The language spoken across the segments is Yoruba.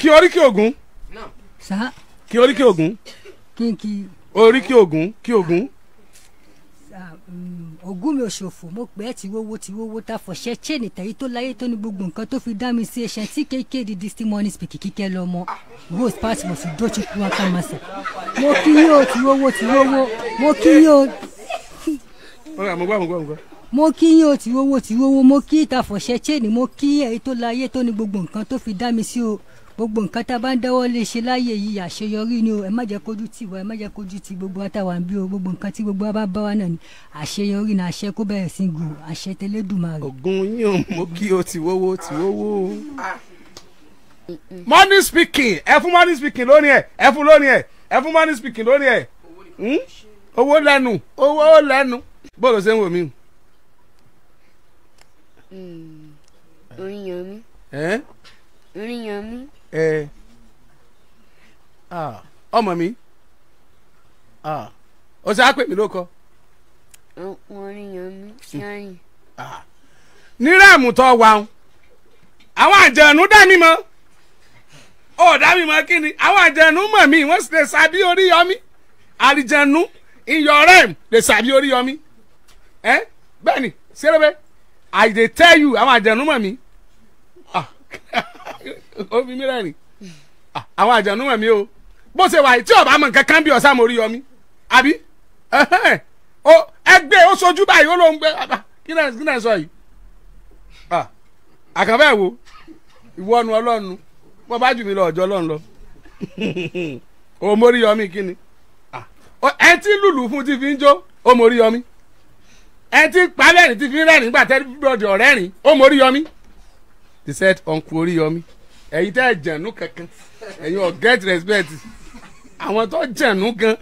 kí oríkì ògún. sá. kí oríkì ògún. kí n kí. oríkì ògún kí ògún. Mm, ògún mi ò ṣòfò mo pẹ́ tí wọ́wọ́ tí wọ́wọ́ ta fọ̀ṣẹ́ chain tẹ̀yí tó láyé tó ní gbogbo nǹkan tó fi dá mi sí ẹṣẹ́ tí kéèké di dis morning speak kíkẹ́ lọ́mọ rose party mo fi dọ́jú kí wọ́n ká máa sẹ̀. mo kí yín o tí wọ́wọ́ tí mo kí yín o. ọ̀rẹ́ àmọ́ gbọ́ àmọ́ gbọ́ àmọ́ mo kí yín o tìwọ́wọ́ mo kí ìtàfọ̀ṣẹ́ tó láyé tó ní gbogbo nǹkan tó fi dá mi sí o gbogbo nǹkan tá a bá ń dáwọ́ lé ṣe láàyè yìí àṣeyọrí ni o ẹ má jẹ́ kójú tì wá ẹ má jẹ́ kójú tì gbogbo àtàwà ń bí o gbogbo nǹkan tí gbogbo bá bá wa náà ni àṣeyọrí ni àṣẹ kó bẹ̀rẹ̀ sí gùn àṣẹ tẹlẹ́dùmarè. ògùn yín ò mú kí o ti wówó ti wówó. Ah. money speaking ẹ fún money speaking lónìí ẹ ẹ fún lónìí ẹ ẹ fún money speaking lónìí ẹ hmm? owó lẹ́nu owó lẹ́nu bó ló ṣe ń wò mí. Hmm. orin yan mi. orin yan mi. ee ọmọ mi ó sì á pè mí lóko. wọ́n rí yan mí sẹ́yìn. ní ráàmù tó wà ń àwọn àjẹ̀nú dá mi kí ni àwọn àjẹ̀nú mọ̀ mí wọ́n lè sábí orí yọmí I tell you ó fi mí rẹ́rìn ah, àwọn àjànú mọ̀ mí o bó ṣe wà tí ọba mọ̀ nǹkan kan bí ọ̀sán mo rí yọmí àbí ẹgbẹ́ ó sojú báyìí ó lóun gbé ah, kí náà sọ yìí ah, àkànfẹ́ wo ìwọ nu ọlọ́run nu wọ́n bá jù mí lọ ọjọ́ ọlọ́run lọ o mórí yọmí kí ni ẹ ti lùlù fún ti fi ń jó o mórí yọmí ẹ ti palẹ̀ ní ti fi ń rẹ́rìn nígbà tẹ́ ọ̀rẹ́ rìn o mórí yọmí the said uncle orí yọmí ẹ̀yin tẹ́ ẹ jẹ̀nu kankan ẹ̀yin ò get respect àwọn tó jẹ̀nu gan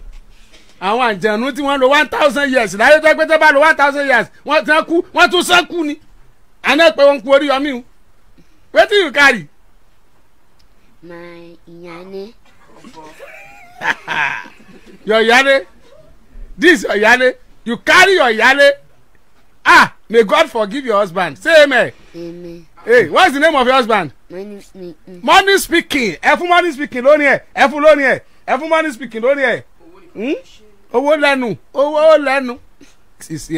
àwọn àjẹ̀nu tí wọ́n lo one thousand years láyé tó pé tó bá lo one thousand years wọ́n ti kú wọ́n tún sán kú ni àná pé wọ́n kú orí ọmí o wetin you carry. my ìyáné. your ìyáné this your ìyáné you carry your ìyáné ah may God forgive your husband say amen. amen. Hey, what is the name of your husband? Money speaking. Money speaking. Ẹ fún money speaking lónìí ẹ̀. Ẹ fún lónìí ẹ̀. Ẹ fún money speaking lónìí ẹ̀. Hmm? Owó lẹ́nu. Owó lẹ́nu. Is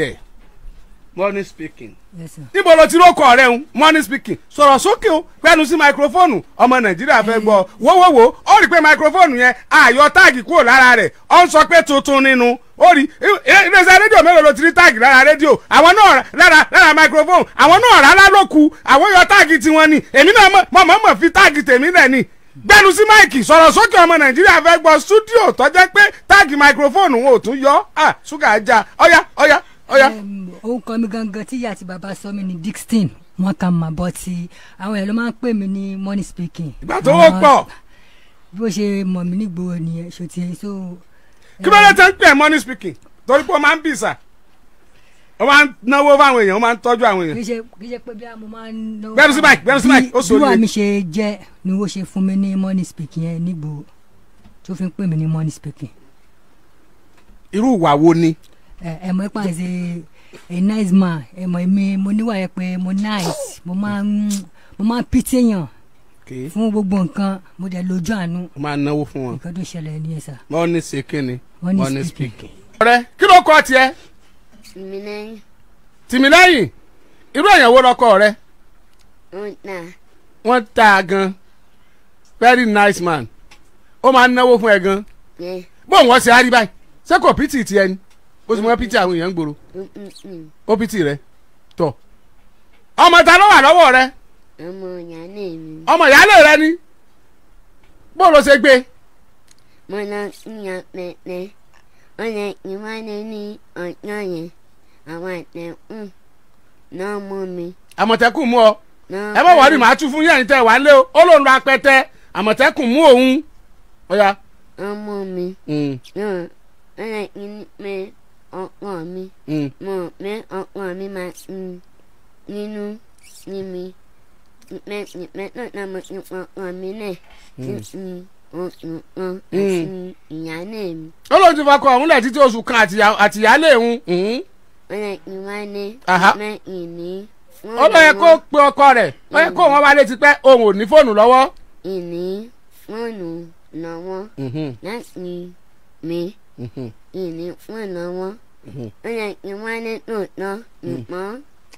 Money speaking. Yes sir. Níbo lo ti rókọ̀ rẹ̀ ń? Money speaking. Sọ̀rọ̀ sókè o. Gbẹ́nu sí máikrófóònù. Ọmọ Nàìjíríà fẹ́ gbọ́. Wówówó. Ó rí i pé máikrófóònù yẹn àyọ táàgì kúrò lára rẹ̀. Ó ń sọ pé tuntun nínú ó rí iléeṣẹ́ rédíò mélòó ló ti rí táàgì lára rédíò àwọn náà lára lára microphone àwọn náà rárá ló ku àwọn yọ táàgì tiwọn ni èmi náà mọ̀ mọ̀ mọ̀ fi táàgì tèmi náà ni gbẹnu sí máìkì sọ̀rọ̀ sókè ọmọ nàìjíríà fẹ́ gbọ́ stúdíò tó jẹ́ pé táàgì microphone wọn ò tún yọ à ṣúgà ajá ọ̀yá ọ̀yá ọ̀yá. ohun kan mi gangan tí ìyá àti bàbá sọ mi ni Dickson wọn kà máa bọ ti àwọn ẹ̀ ló máa ń pè mí ní money speaking. ìgbà tó wọ́pọ̀. bó ṣe mọ̀ mí nígboro nìyẹn ṣòtì ẹ̀ so kí ló dé tẹ́ ń pè money speaking torí pé ó máa ń bì sà ó máa ń náwó fáwọn èèyàn ó máa ń tọ́jú àwọn èèyàn. kì í ṣe kì pé bí a mo máa ń náwó. bẹ́ẹ̀ sí báyìí bẹ́ẹ̀ sí báyìí ó sọ olùwẹ̀. bí wàá mi ṣe jẹ́ ni wọ́n ṣe fún mi ní money speaking yẹn nígbò tó fi ń pè mí ní money speaking. irú ìwà wo ni. ẹ ẹ mọ ipa ṣe a nice man ẹ mọ èmi mo níwà yẹn pé mo nice mo máa ń mo máa ń pìtì èèyàn fún gbogbo nǹkan mo dẹ̀ lójú àánú. máa náwó fún wọn. nǹkan tó ṣẹlẹ̀ ní ẹ̀sà. wọ́n ní ṣèké ni wọ́n ní spíkì. ọ̀rẹ́ kí ló kọ́ tiẹ̀. tìmílẹ́yìn. tìmílẹ́yìn irú èèyàn wo lọkọ rẹ. wọ́n ta. wọ́n ta gan very nice man ó máa náwó fún ẹ gan. bóun wọ́n ṣe á báyìí ṣé kò pìtì tiẹ̀ ni ó sì mọ pìtì àwọn èèyàn ń gbòòrò ó pìtì rẹ tọ̀ ọmọ ta ló wà lọ́wọ́ rẹ. ọmọ ìyálé rẹ ni bó ṣe gbé. mo lọ yan pẹpẹ ó lè ní ọjọ́ yẹn àwọn àtẹkùn náà mú mi. àmọ̀tẹ́kùn mú ọ ẹ wà ní màá tún fún yẹn tẹ wà lé ó àmọ̀tẹ́kùn mú òun ọ̀yà. mi mm. ó lè ní mi mm. mo pé ọkọ mi máa ń nínú ní mi. ọlọ́run ti fa kọ ọ̀hún lẹ̀ títí oṣù kan àtìyálé ìhun. Hmm? ọlọ́run yẹ kó pe ọkọ rẹ̀ ó yẹ kó wọn wálé tipẹ́ òun ò ní fóònù lọ́wọ́. ìní fóònù lọ́wọ́ láti mi ìní fóònù lọ́wọ́ ó yẹ kí wọ́n ní tòótọ́ nìkan.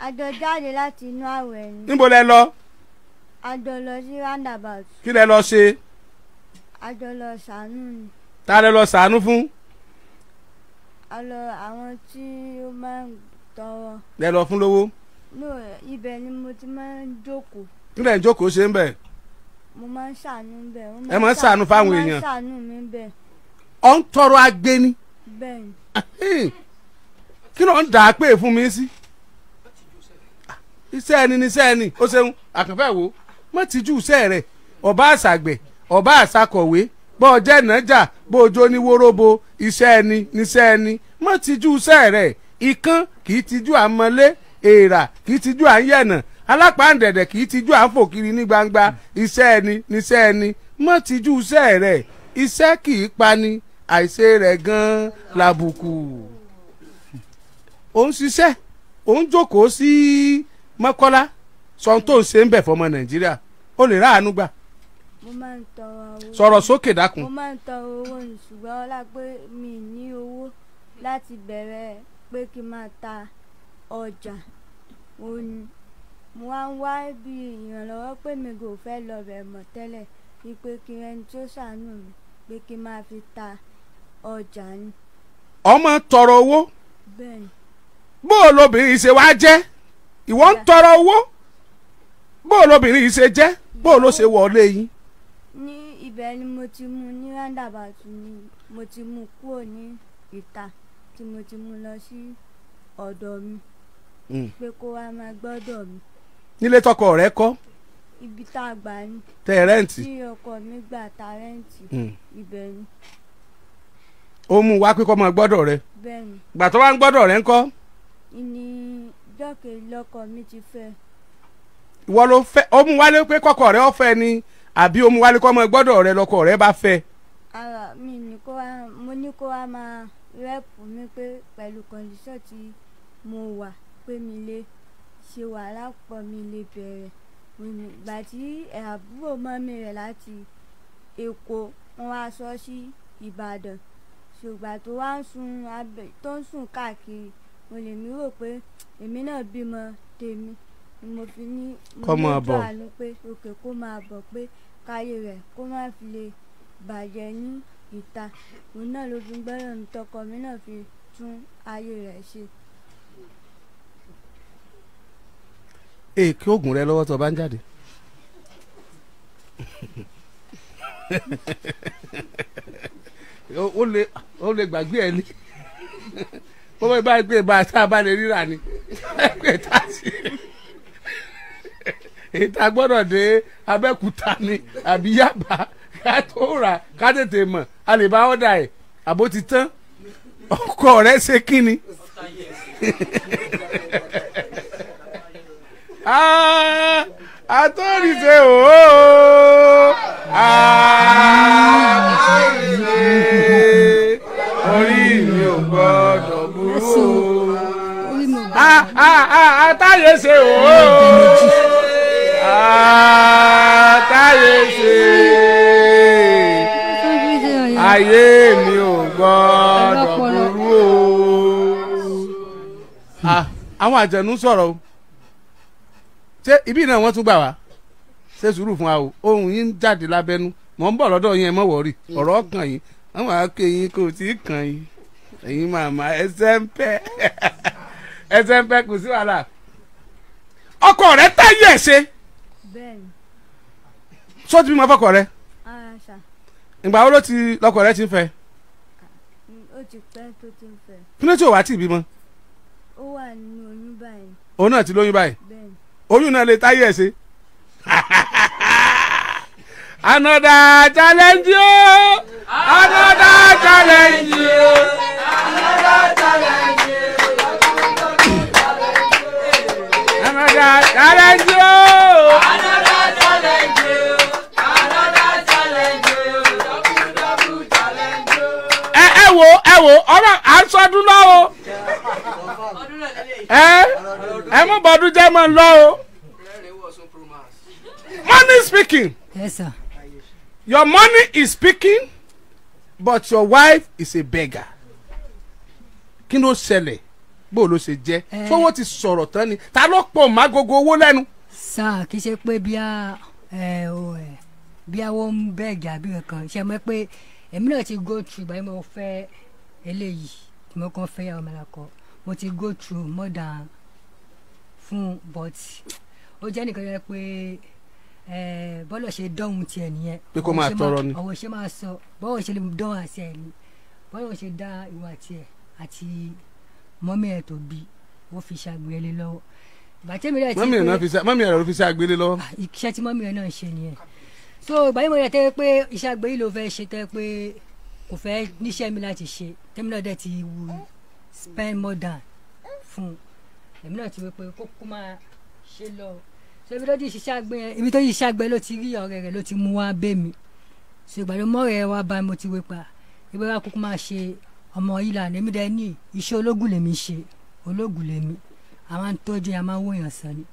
a jọ jáde láti inú àwẹ̀ ni. níbo lẹ lọ. a jọ lọ sí roundabout. kí lẹ lọ ṣe. a jọ lọ ṣàánú ni. ta lẹ lọ ṣàánú fún. a lọ àwọn tí ó máa ń tọrọ. lẹ lọ fún lówó. no ibẹ̀ ni mo ti máa ń jókòó. kí lẹ ń jókòó ṣe ń bẹ̀. mo máa ń ṣàánú bẹ̀. ẹ máa ń ṣàánú fáwọn èèyàn. mo máa ń ṣàánú mi bẹ̀. ọ̀ ń tọrọ agbéni. bẹ́ẹ̀ ah, kí ló ń dà á pé fún mi sí. Si? iṣẹ́ ẹni ni iṣẹ́ ẹni ó ṣeun àkànfẹ́ wo mọ́ tìjú iṣẹ́ rẹ̀ ọba àṣàgbẹ̀ ọba àṣàkọ̀wé bọ́ ọjẹ́ ìnájà bó ojó ní wóróbo iṣẹ́ ẹni ni iṣẹ́ ẹni mọ́ tìjú iṣẹ́ rẹ̀ ikán kì í ju àmọ́lé èèrà kì í tìjú àyẹ̀nà alápàǹdẹ̀dẹ̀ kì í tìjú àfòkiri ní gbangba iṣẹ́ ẹni ni iṣẹ́ ẹni mọ́ tìjú iṣẹ́ rẹ̀ iṣẹ́ kì í pani àìṣe rẹ̀ gan-an làbùkù. ó ń ṣiṣẹ́ ó jókòó sí mọ́kọ́lá sọ ohun tó ń ṣe ń bẹ̀ fọmọ nàìjíríà ó lè ráàánú gbà. mo máa ń tọrọ owó sọ̀rọ̀ sókè dákun. mo máa ń tọrọ owó ṣùgbọ́n ọlá mi ní owó láti bẹ̀rẹ̀ pé kí n máa ta ọjà mo wá ń wá bí ìrànlọ́wọ́ pé mi kò fẹ́ lọ bẹ̀ mọ́ tẹ́lẹ̀ ni pé kí ẹni tó ṣàánú mi pé kí n máa fi ta ọjà ni. ọmọ tọrọ owó. bẹ́ẹ̀ni. bó o lobìnrin ṣe wá jẹ́ ìwọ ń tọrọ owó bó lóbìnrin yìí ṣe jẹ́ bó ló ṣe wọlé yín. ní ibẹ̀ ni mo ti mú ní roundabout ni mo ti mú kúrò ní ìta tí mo ti mú lọ sí ọ̀dọ̀ mi hmm. pé kó wá máa gbọ́dọ̀ mi. nílé tọkọ rẹ kọ́ ibi tá a gbà ní. tẹ rẹǹtì. tí ọkọ mi gbà ta rẹǹtì. Hmm. ibẹ̀ ni. ó mú wa pé kọ́ mọ gbọ́dọ̀ rẹ. bẹ́ẹ̀ni. gbà tó wá ń gbọ́dọ̀ rẹ ńkọ́. ní ọjọ́ kejì lọ́kọ mi ti fẹ́. ìwọ ló fẹ́ ó mú wálé pé kọ́kọ́ rẹ ọ̀fẹ́ ni àbí ó mú wálé kọ́ ọmọ gbọ́dọ̀ rẹ lọ́kọ rẹ bá fẹ́. ara mi ni kó wá mo ní kó wá máa rẹ́pù mi pé pẹ̀lú kọ́ndíṣọ̀n tí mo wà pé mi lè ṣe wàhálà pọ̀ mi lè bẹ̀rẹ̀ ìgbà tí àbúrò mọ́mí rẹ̀ láti Èkó wọn wá sọ sí Ìbàdàn ṣùgbọ́n tó wá ń sun abẹ tó ń sùn káàkiri mo lè mí rò pé èmi náà bímọ tèmi mo fi ní mo ní ojú àánú pé òkè kó máa bọ̀ pé káyé rẹ̀ kó má fi lè bàjẹ́ ní ìta òun náà ló fi gbọ́dọ̀ ní tọkọ mi náà fi tún ayé rẹ̀ ṣe. èkó oògùn rẹ lọ́wọ́ tó o bá ń jáde. o lè gbàgbé ẹ ní. bọ́bá ibà gbé ibà tá a bá lè ríra ni ìta gbọ́dọ̀ dé abẹ́kúta ni àbí yàbá ká tó rà ká tètè mọ̀ a lè bá ọ̀dà ẹ̀ àbó ti tán ọkọ rẹ̀ ṣe kí ni. àtọ́rìṣe ooo àtọ́rìṣe orí mi ò gbọ́dọ̀ àtàyè ṣe o àtàyè ṣe ayé mi ò gbọ́dọ̀ burú o. àwọn àjẹnú sọ̀rọ̀ o ṣé ibi náà wọ́n tún gbà wá ṣe sùúrù fún wa o ohun yín ń jáde lábẹ́nu mọ̀ ń bọ̀ lọ́dọ̀ yín ẹ mọ̀ wọ̀ọ́rì ọ̀rọ̀ kàn yín àwọn akéyìn kò tí ì kàn yín. ẹ̀yin ma ẹsẹ̀ ń kò sí wàhálà ọkọ rẹ táyé ẹ̀ ṣe sọ ti bímọ fọkọ rẹ ah, ìgbà wo ló ti lọkọ rẹ ti ń fẹ́. ti pẹ́ tó ti ń fẹ́. kí ló ti bímọ. ó wà oyún báyìí. òun náà ti lóyún báyìí. oyún náà lè ṣe. Another challenge oh! Another oh! wo ọ̀rọ̀ à ń sọdún lọ o ẹ ẹ mú bọ́dún jẹ́ mọ́ lọ money speaking yes, sir. your money is speaking but your wife is a beggar kí ló ṣẹlẹ̀ bó ló ṣe jẹ́ sọ́wọ́ eh. ti sọ̀rọ̀ tán ni ta ló pọ̀ mágogo owó lẹ́nu. sáà kì í ṣe pé bí a eh, eh, bí àwọn ń bẹ́ẹ̀ jàbí nǹkan ṣe mọ́ pé èmi náà ti go through báyìí mo fẹ́ eléyìí mo kàn fẹ́ yàwó mi lakọ mo ti go through more than fún but ó jẹ́ nìkan yẹ pé bọ́lọ̀ ṣe dọ́hun tiẹ̀ nìyẹn. pé kó máa tọrọ ni. ọ̀wọ̀ ṣe máa sọ bọ́wọ̀ ṣe lè dán àṣẹ ẹ̀ ni bọ́lọ̀ ṣe dá ìwà tiẹ̀ àti mọ́mí ẹ̀ tó bí wọ́n fi ṣàgbélé lọ́wọ́ bàtẹ́mi rẹ̀ ti pé mọ́mí ẹ̀ ló fi ṣàgbélé lọ́wọ́. Ah, iṣẹ́ tí mọ́mí ẹ̀ náà ṣe nìyẹn so bàtẹ́mi rẹ̀ tẹ́ pé iṣẹ́ àgbélé ló fẹ́ ṣe tẹ́ pé kò fẹ́ níṣẹ́ mi láti ṣe tẹ́mi náà dẹ̀ ti wù spend more than fún èmi náà ti wí pé kó kó máa ṣe lọ so ibi tó ti ṣiṣẹ́ àgbẹ̀ ibi tó ti ṣiṣẹ́ àgbẹ̀ ló ti rí ọ̀rẹ́ rẹ̀ ló ti mú wá bẹ́ mi so ìgbà tó mọ́ ọ̀rẹ́ wa mo ti wí pa ìgbà wa kúkú máa ṣe ọmọ ìlà lèmi dẹ ní iṣẹ́ ológun lèmi ṣe ológun lèmi àwọn tọ́jú yẹn máa ń wòyàn sàn ni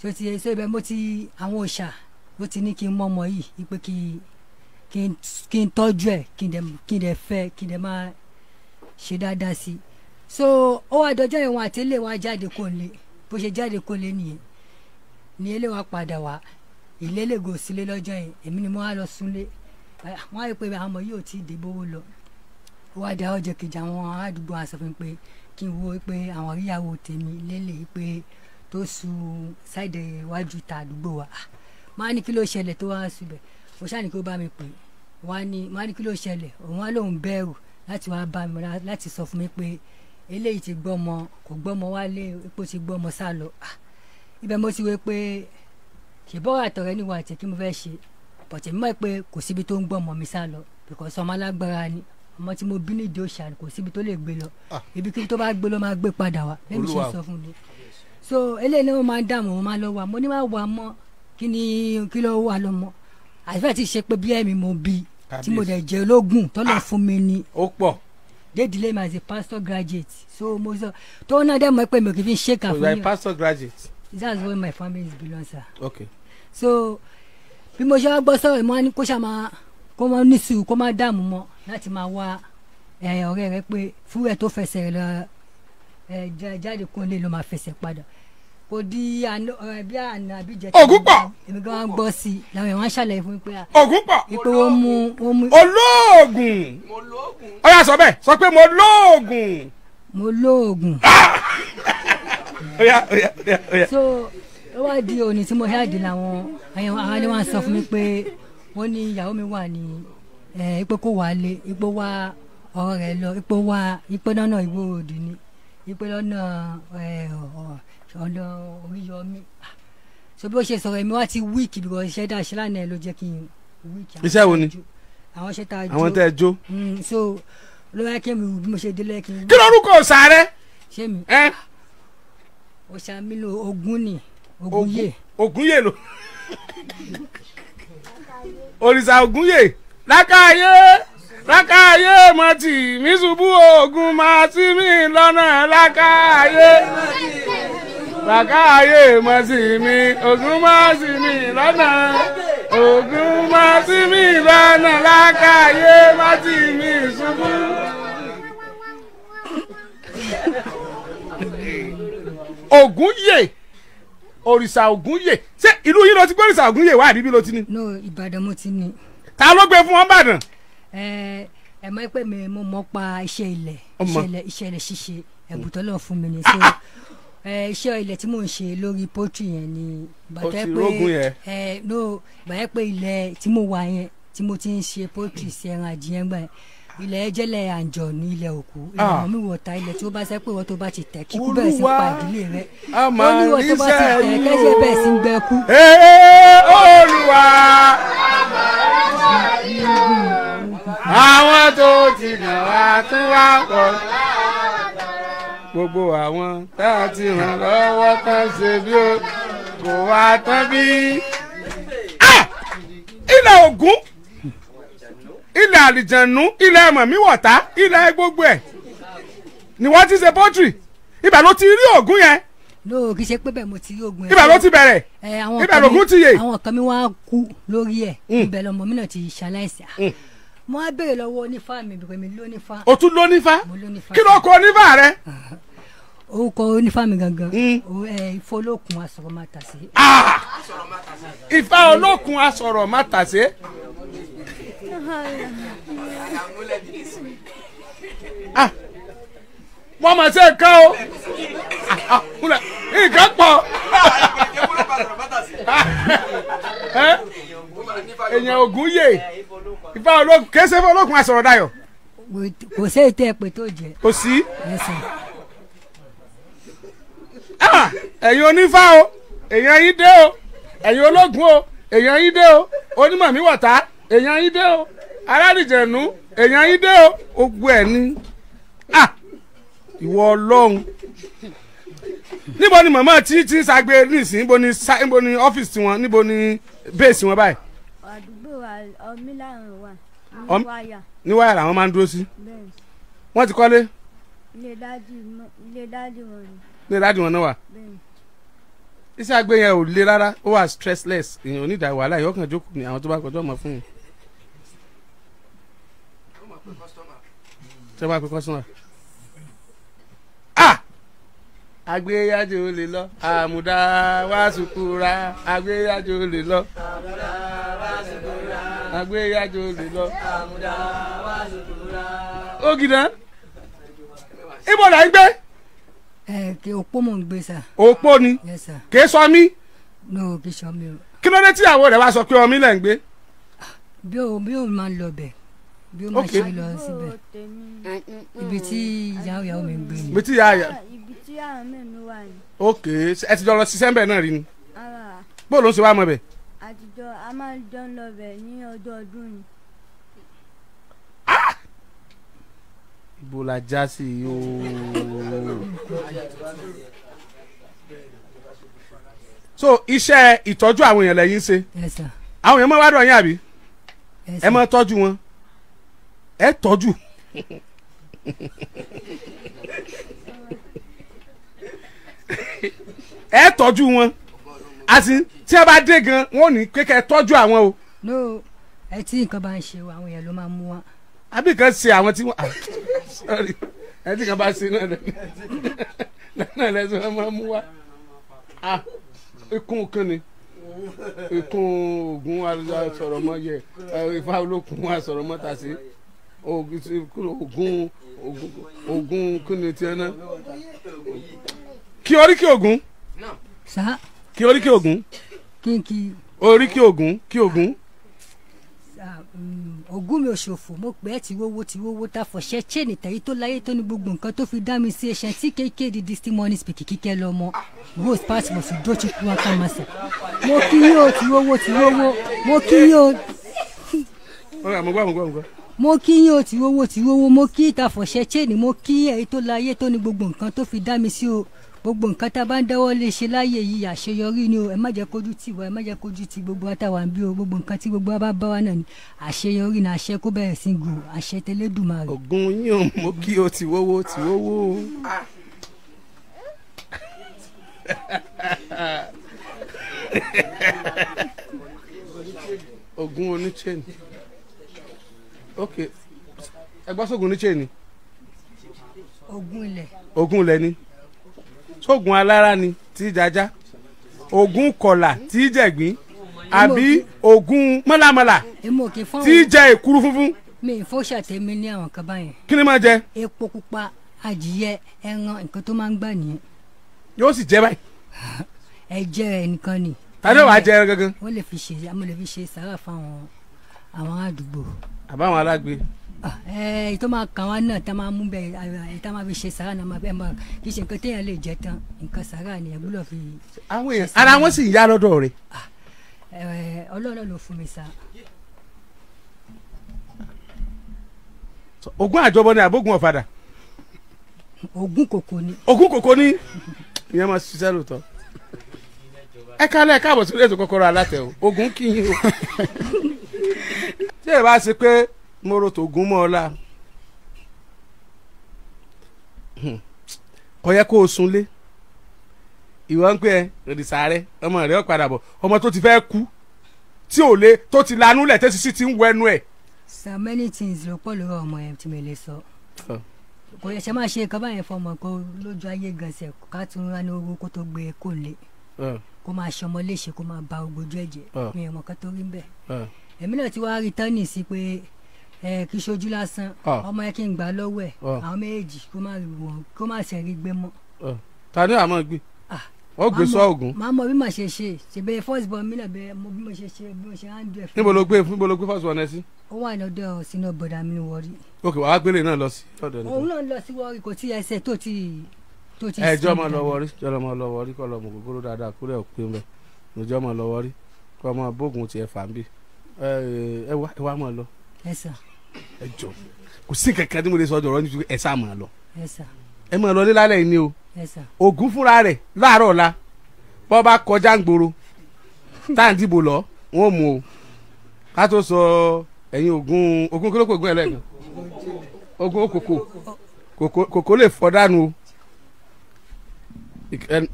so ti so ibẹ̀ mo ti àwọn òòṣà ló ti ní kí n mọ yìí ipe kí kí n tọ́jú ẹ̀ kí n dẹ̀ fẹ́ kí n dẹ̀ máa ṣe dáadáa sí i so ó wá dọjọ́ ìwọ̀n àti ilé wa jáde kó lé bó ṣe jáde kó lé nìyẹn ní ilé wa padà wá ìlélẹ́gòsílé lọ́jọ́ yẹn èmi ni mo wá lọ súnlé wọ́n á yẹ pé àwọn ọmọ yìí ò tí ì dìbò wó lọ wá dá ọjọ́ kejì àwọn àdúgbò àṣọ mi pé kí n wo pé àwọn oríyàwó tèmi lélẹ̀ pé tó su ṣáìdẹ̀ iwájú ta àdúgbò wa ah, máa ní kí ló ṣẹlẹ̀ tó wá síbẹ̀ mo ṣàní kó bá mi pè wá ní máa ní kí ló ṣẹlẹ̀ òun wá lóun bẹ̀rù láti wá bá mi láti sọ fún mi pé eléyìí ti gbọ́mọ kò gbọ́mọ wálé epo ti gbọ́mọ sá lọ ah, ibẹ̀ mo ti wé pé ṣèbọ́ra àtọ̀rẹ́ níwọ̀ kí mo fẹ́ ṣe pọ̀tẹ́mí mọ̀ pé kò síbi tó ń gbọ́mọ mi sá lọ bìkọ́sọ́ ọmọ alágbára ni ọmọ tí mo bí nídìí òṣà kò síbi tó lè gbé lọ ah. ibikíbi tó bá gbé lọ máa gbé padà wá bẹ́ẹ̀ ṣe sọ fún mi so eléyìí ni wọ́n máa ń dààmú wọ́n máa lọ wà mo ní wàá wà mọ́ kí ni kí ló wà lọ́mọ àfẹ́ ti ṣe pé bí ẹ̀mí mo bí tí mo dẹ̀ jẹ́ ológun tọ́lọ̀ ah. fún mi ni ó pọ̀ dédìlé mi as a pastor graduate so mo sọ tó náà dẹ́ mọ́ pé mi ò kì í fi ṣe kà oh, fún yín. so you are a pastor graduate. that's why my family is belong sir. okay. so bí mo ṣe wá gbọ́ sọ̀rọ̀ mo wá ní kó ṣàmà kó máa ní sùúrù kó máa dààmú mọ́ láti máa wá ọ̀rẹ́ rẹ pé fúrẹ́ tó fẹsẹ̀ rẹ lọ jáde kó lè lọ máa fẹsẹ̀ padà kò di bí àná àbíjẹ. ògùn pọ̀. èmi gan gbọ́ sí i làwọn èèyàn ṣàlàyé fún mi pé. ògùn pọ̀. ìpè ó mú olóògùn. mo lóògùn. sọ bẹ́ẹ̀ sọ pé mo lóògùn. mo lóògùn. so ó wá di òní tí mo ṣáàdì làwọn àwọn ẹni wá sọ fún mi pé wọ́n ní ìyàwó mi wà ní ipe kó wàá lé ipe wá ọ̀rọ̀ rẹ̀ lọ ipe wá ipe lọ́nà ìwé òdì ni ipe lọ́nà ọ̀nà oríyọmí so bí ó ṣe sọ̀rọ̀ èmi wá ti wíìkì bí wọ́n dá ṣe lánàá ló jẹ́ kí n wíìkì. iṣẹ́ wo ni àwọn ṣe tá a jó àwọn tẹ́ ẹ jó. Mm, so ló kí mi bí mo ṣe délé kí n. kí lorúkọ ọ̀sà rẹ. ṣé mi ọ̀sà mi lo ogun ni ogun yè. ogun yè lo òrìṣà ogun yè lákàyé lákàyé mọ̀tì mí ṣubú oògùn máa sí mi lọ́nà lákàyé lákàyé mọ̀tì mí oògùn máa sí mi lọ́nà oògùn máa sí mi lọ́nà lákàyé mọ̀tì mí ṣubú. Ògúnyè òrìṣà Ògúnyè ṣé ìlú yìí ló ti gbé òrìṣà Ògúnyè wá àbí bí ló ti ní. no Ìbàdàn mo ti ní ta ló gbé fún wọn bàdàn. ẹ ẹ pé mi mo mọ̀ pa iṣẹ́ ilẹ̀ iṣẹ́ ilẹ̀ ṣíṣe ẹ̀bùn tó lọ fún mi ni ah, ah. so iṣẹ́ ilẹ̀ tí mò ń ṣe lórí poultry yẹn ni bàtà pé ẹ no bàtà pé ilẹ̀ tí mo wà yẹn tí mo ti ń ṣe poultry sí ẹran adìyẹ gbà yẹn ilẹ̀ ẹjẹ́lẹ̀ àǹjọ ní ilẹ̀ òkú ilẹ̀ ah. mi wọ̀ ta ilẹ̀ tí ó bá sẹ́ pé wọ́n tó bá ti tẹ̀ kíkú bẹ̀rẹ̀ sí pa ìdílé rẹ̀ olúwa tó bá ti tẹ̀ kẹ́sẹ̀ bẹ̀rẹ̀ sí gbẹ kú. olúwa àwọn tó ti nà wá tún wá pọ̀ gbogbo àwọn tá a ti ràn lọ́wọ́ tán ṣe bí ó kò wá tán bí. ilẹ̀ Ògún ilẹ̀ àlìjànú ilẹ̀ mọ̀míwọ̀ta ilẹ̀ gbogbo ẹ̀ ni wọ́n ti ṣe pọ́tìrì ibà ló ti rí Ògún yẹn lóò kì í ṣe pé bẹ́ẹ̀ mo ti rí ogun ẹ̀. ibà ló ti bẹ̀rẹ̀ ibà lògùn ti yè. àwọn kan mi wá kú lórí ẹ̀ mm. ibẹ̀ lọmọ mi náà ti ṣaláìsí ah, mm. mo á béèrè lọ́wọ́ onífá mi bèbè mi lónífá. o tún lónífá kí ló kọ onífá rẹ. Ah, orúkọ onífá mi gangan ifá mm. ah! olókun asọ̀rọ̀ máa sí. ifá olókun asọ̀rọ̀ máa tà sí. ah mo mà ṣe ká o nǹkan pọ̀ eh? èèyàn ògún yè ìfà olókùn kése fún olókùn àsọ̀rọ̀ dayọ̀. kò sí ètò ẹ̀pẹ̀ tó jẹ. kò sí. Ah, ẹ̀yin onífá o èèyàn yín dé o ẹ̀yin ológun o èèyàn yín dé o onímọ̀ mi wọ̀ta èèyàn yín dé o alárìjẹ̀nu èèyàn yín dé o gbogbo ẹ̀ ni ìwọ ọlọ́run níbo ni màmá tí tí ń ṣagbe nísìnyí níbo ni níbo ni ọ́fíìsì tiwọn níbo ni bẹ́ẹ̀sì wọn báyìí. àdúgbò ọmílàrún wà ní wáyà. ní wáyà làwọn máa ń dúró sí. wọ́n ti kọ́lé. ilé dáàdì wọn ni. ilé dáàdì wọn náà wà. iṣẹ́ agbe yẹn ò le rárá ó wà stressless èèyàn onídàá wàhálà yóò kàn jókòó ní àwọn tó bá kọjọ́ ọmọ fún yín. ṣé wàá pe kọ́sọ́mà. agbéyájò lè lọ amuda wá sùkúra agbéyájò lè lọ àmùdá wá sùkúra agbéyájò lè lọ àmùdá wá sùkúra. ó gidá ibo là ń gbé. ẹ kí òpó mò ń gbé sà. òpó ni kì í sọ mí. no kì í sọ mí o. kí ló dé tíyàwó rẹ wá sọ pé ọmí lẹ ń gbé. bí o bí o máa lọ bẹ̀ bí o máa ṣe lọ síbẹ̀ ibi tí ìyá ìyàwó mi ń gbé ni. ibi tí ìyá ìyàwó tí àwọn mẹ́rin wà ní. ok ẹ ti jọ lọ ṣiṣẹ́ ńbẹ̀ náà rí ni. bó ló ń ṣe wá mọ̀ bẹ̀. àtijọ́ a máa ń jọ lọ bẹ̀ ní ọjọ́ ọdún ni. Ah! ibo la já sí i o. so iṣẹ́ ìtọ́jú àwọn èèyàn lẹ́yìn ṣe àwọn èèyàn máa wá dọ̀ yín àbí ẹ máa tọ́jú wọn ẹ tọ́jú. ẹ tọ́jú wọn àti tí ẹ bá dé gan wọn ò ní kékeré tọ́jú àwọn o. no ẹ tí nǹkan bá ń ṣe o àwọn yẹn ló máa mú wa. àbí kan ṣe àwọn tí wọn sorry ẹ tí kan bá ṣe náà náà lẹsẹ wọn máa mú wa ikún kan ni ikún oògùn asọ̀rọ̀ mọ́ yẹ ifá olókun asọ̀rọ̀ mọ́ ta sí oògùn oògùn oògùn kí ni tiẹ̀ náà kí oríkì ògún. sá. kí oríkì ògún. kínkì. oríkì ògún kí ògún. Mm, ògún mi ò ṣòfò mo pè é tiwówó tiwówó ta fọ̀ṣẹ́ chain tẹ̀yí tó láyé tó ní gbogbo nǹkan tó fi dá mi sí ẹṣẹ̀ tí kéèké di disney money speak kíkẹ́ lọ́mọ rose party mo fi dójú kú wọn ká máa sẹ̀ mo kí yóò tiwówó tiwówó mo kí yóò mo kí yín o tìwówó tìwówó mo kí ìtàfọ̀ṣẹ́ chain mo kí èyí tó láyé tó ní gbogbo nǹkan tó fi dá mi sí o gbogbo nǹkan tá a bá ń dáwọ́ lè ṣe láàyè yìí àṣeyọrí ni o ẹ má jẹ́ kójú tì wá ẹ má jẹ́ kójú tì gbogbo àtàwà ń bí o gbogbo nǹkan tí gbogbo bá bá wa náà ni àṣeyọrí ni àṣẹ kó bẹ̀rẹ̀ sí gùn àṣẹ tẹlẹ́dùmarè. ògùn yín ò kí o ti wówó ti wówó. ògùn oníṣẹ́ni ok ẹ gbọ́ sógun oníṣẹ́ni. ògùn ilẹ̀. ògùn ilẹ̀ ni sóògùn alára ni tí jaja ogun kọlà tí jẹ̀gbín àbí ogun mọ́làmọ́là tí jẹ èkúrú funfun. mi ìfọ́ ṣàtẹ̀mí ní àwọn kan báyẹn. kí ni máa jẹ. epo pupa adìyẹ ẹran nǹkan tó máa ń gbà nìyẹn. yóò sì jẹ báyìí. ẹ jẹ rẹ nìkan ni. tàbí wàá jẹ gangan. wọ́n lè fi ṣe sàrà fáwọn àwọn àdúgbò. àbáwọn alágbe èyí tó máa kàn wá náà tá máa mú bẹ́ẹ̀ èyí tá máa fi ṣe sàrà náà máa fẹ́ máa kì í ṣe nǹkan téèyàn lè jẹ tán nǹkan sàrà ni ẹ̀ gbúdọ̀ fi. àwọn èèyàn ara wọn sì ń yá lọ́dọ̀ rẹ̀. ọlọ́run ló fún mi sá. ogun àjọbọ ni àbógun ọ̀fadà. ogun kòkó ni. ogun kòkó ni ìyẹn máa ṣiṣẹ́ lóòótọ́ ẹ kálẹ̀ ẹ káàbọ̀ sílẹ̀ tó kọ́kọ́rọ́ alátẹ̀ o ogun kì í o. tí ẹ bá ṣe pé mọ́rọ̀ tó gún mọ́ ọ la hmm. kó o sunlé ìwọ ń pè ẹ́ ọmọ rẹ ó padà ọmọ tó ti fẹ́ kú tí ò lè tó ti lanú lẹ̀ tẹ́sí sí ti ń wẹnu ẹ̀. so many things ló pọ̀ lórí ọmọ yẹn tí mi lè sọ kò yẹ ṣe máa ṣe nǹkan báyẹn fọmọ kó lójú ayé gànṣẹ ká tún rán ní owó kó tó gbé e kó lè kó máa ṣọmọ léṣe kó máa ba ogbójú ẹ̀jẹ̀ mi ò mọ̀ kán tó rí ń bẹ̀ náà ti wá rí tán nìsí pé ẹ kì í ṣojú lásán ah. ọmọ yẹn kí n gbà lọ́wọ́ ẹ̀ ah. àwọn méjèèjì kó má wọ̀ kó má sẹ̀rí gbé mọ́. Ah. ta ni àmọ́ gbé wọ́n gbé sọ ògùn. màá mọ bí mo ṣe ṣe ṣèbẹ first born mi náà bẹ mo bí mo ṣe ṣe bí mo ṣe handle ẹ̀. níbo ló gbé níbo ló gbé first born ẹ sí. ó wà lọ́dọ̀ sínú bọ̀dà mi wọ̀rí. ok wàá gbélé náà lọ sí ọ̀dọ̀ nìkan. òun náà lọ sí wọ̀rí kò tí ẹsẹ̀ tó ti tó ti. ẹ jọ́ ọmọ lọ wọ̀rí jọ́ ọmọ lọ wọ̀rí kọ́ lọ́mọ gbogbo dáadáa kúrẹ́ òpin rẹ̀ jọ́ ọmọ lọ wọ̀rí kọ́ ọmọ bóògùn tiẹ̀ fà ń bì ẹ wá ẹ wá mọ̀ lọ. ẹ sàn. ẹjọ kò sí kankan tí mo lè sọ jọ̀rọ̀ ní ẹ sá máa lọ ẹ máa lọ o Ogun fúnra rẹ, láàárọ̀ la bá kọjá ń gbòòrò tá lọ wọn ò mú o ká tó sọ ẹyin kòkó lè dànù o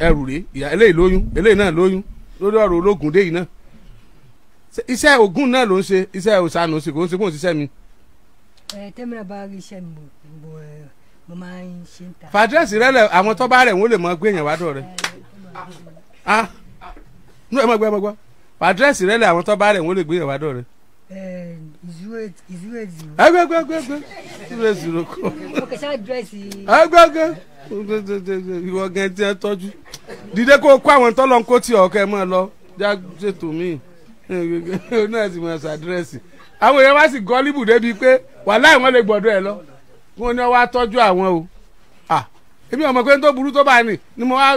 ẹrù eléyìí lóyún náà lóyún lórí ológun dé náà náà ló ń ṣe òsànù ń ṣe tẹ́mìnà bá rí iṣẹ́ mo máa ń ṣe ń ta. fàdírẹ́sì rẹ lẹ àwọn tó bá rẹ̀ wọ́n lè mọ gbé yẹn wá dọ̀ rẹ. Ah, nú ẹ mọ gbọ́ ẹ mọ gbọ́ fàdírẹ́sì rẹ lẹ àwọn tó bá rẹ̀ wọ́n lè gbé yẹn wá dọ̀ rẹ. zero eight zero eight zero. ẹgbẹ́ ẹgbẹ́ ẹgbẹ́ ẹgbẹ́ zero eight zero kọ́. mo kẹsàn án dírẹ́sì. ẹgbẹ́ ẹgbẹ́ ìwọ gan tí ẹ tọ́jú dídé kó kó àwọn tọ́lọ́ ń kó tí ọ̀kẹ́ mọ́ lọ já ṣètò míì náà ti mọ̀ ṣàdírẹ́sì àwọn èèyàn wá sí gọ́líbù débi pé wàláì wọ́n lè gbọ́dọ̀ ẹ̀ lọ wọn ni wọ́n wá tọ́jú àwọn o èmi ọmọ pé tó burú tó bá ní ni mo wá